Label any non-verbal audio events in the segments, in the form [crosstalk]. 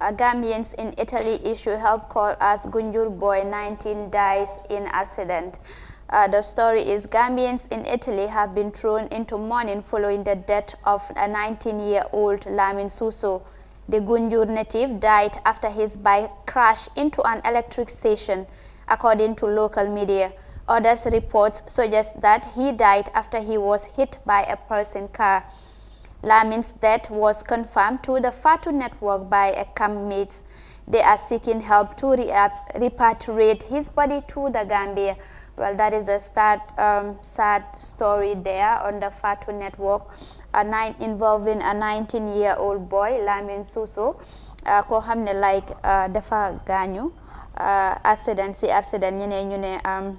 Uh, Gambians in Italy issue help call as Gunjur boy 19 dies in accident. Uh, the story is Gambians in Italy have been thrown into mourning following the death of a 19-year-old Lamin Suso. The Gunjur native died after his bike crashed into an electric station, according to local media. Others reports suggest that he died after he was hit by a person car. Lamin's death was confirmed to the Fatu network by campmates. They are seeking help to re uh, repatriate his body to the Gambia. Well, that is a sad, um, sad story there on the Fatu network a nine, involving a 19-year-old boy, Lamin Suso, uh, who xamne like uh, dafa Defa Ganyu, si accident ñeneen um.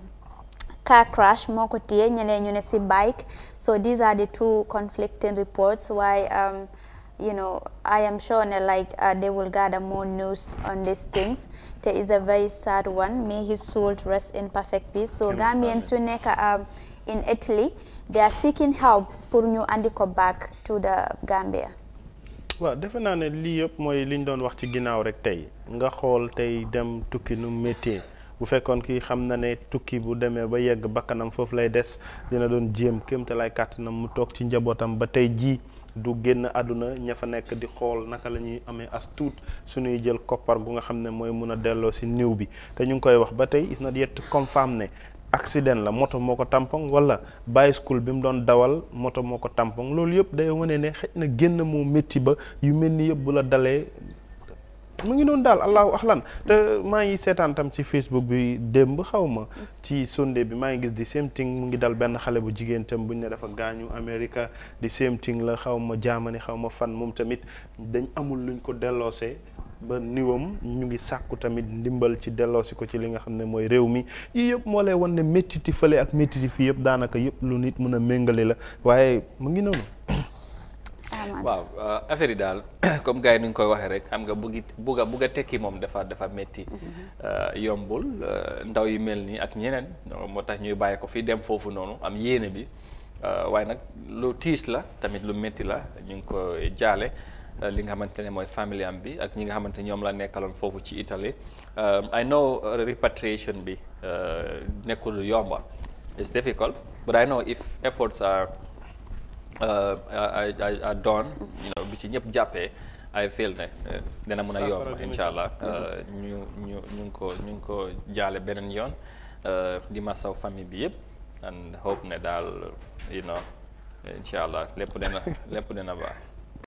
car crash moo ko téye ñeneen ñu ne si bike so these are the two conflicting reports why um, you know I am sure ne like uh, they will gather more news on these things te is a very sad one may his soul rest in perfect peace so Gambians su nekk um, in Italy they are seeking help pour ñu andi ko back to the Gambia. waaw defe naa ne lii yëpp mooy liñ doon wax ci ginnaaw rek tey nga xool tey dem tukki nu métier. bu fekkoon kii xam na ne tukki bu demee ba yegg bakkanam foofu lay des dina doon jéem kéem te lay kàttanam mu toog ci njabootam ba tey jii du génn àdduna ña fa nekk di xool naka la ñuy amee as suñuy jël koppar gu nga xam ne mooy mun a delloo si néew bi te ñu ngi koy wax ba tey is na yett confirme ne accident la moto moo ko tampon wala bicycle bi mu doon dawal moto moo ko tampon loolu yëpp day wane ne xëy na génn moo métti ba yu mel ni yëpp bu la dalee mu ngi noonu daal allahu axlan te maa ngi seetaan tam ci Facebook bi démb xaw ma ci Sunday bi maa ngi gis di same thing mu ngi dal benn xale bu jigéen tam ñu ne dafa gaañu Amérique di same thing la xawma ma jaamani xaw ma fan moom tamit dañ amul luñ ko delloosee ba niwam ñu ngi sàkku tamit ndimbal ci delloosi ko ci li nga xam ne mooy réew mi yii yëpp moo lay wan ne méttiti fële ak méttiti fii yëpp daanaka yëpp lu nit mën a méngale la waaye mu ngi noonu waaw euh, affaire yi daal [coughs] comme gars ni ñu koy waxee rek am nga bugg a bugg a tekki moom dafa dafa metti mm-hmm. euh, yombul euh, ndaw yi mel nii ak ñeneen moo tax ñuy bàyyi ko fii dem foofu noonu am yéene bi waaye nag lu tiis la tamit lu metti la ñu ngi ko jaale li nga xamante ne mooy famille am bi ak ñi nga xamante ñoom la nekkaloon foofu ci Italie I know repatriation bi nekkul yomba it's difficult but I know if efforts are à uh, doon you bi ci ñëpp jàppee I feel ne uh, dina mën a yomb incha allah uh, ñu ñu ñu ngi ko ñu ngi ko jaale beneen yoon dima masaw famille bi yëpp and ne daal you know incha allah lépp dina lépp dina baax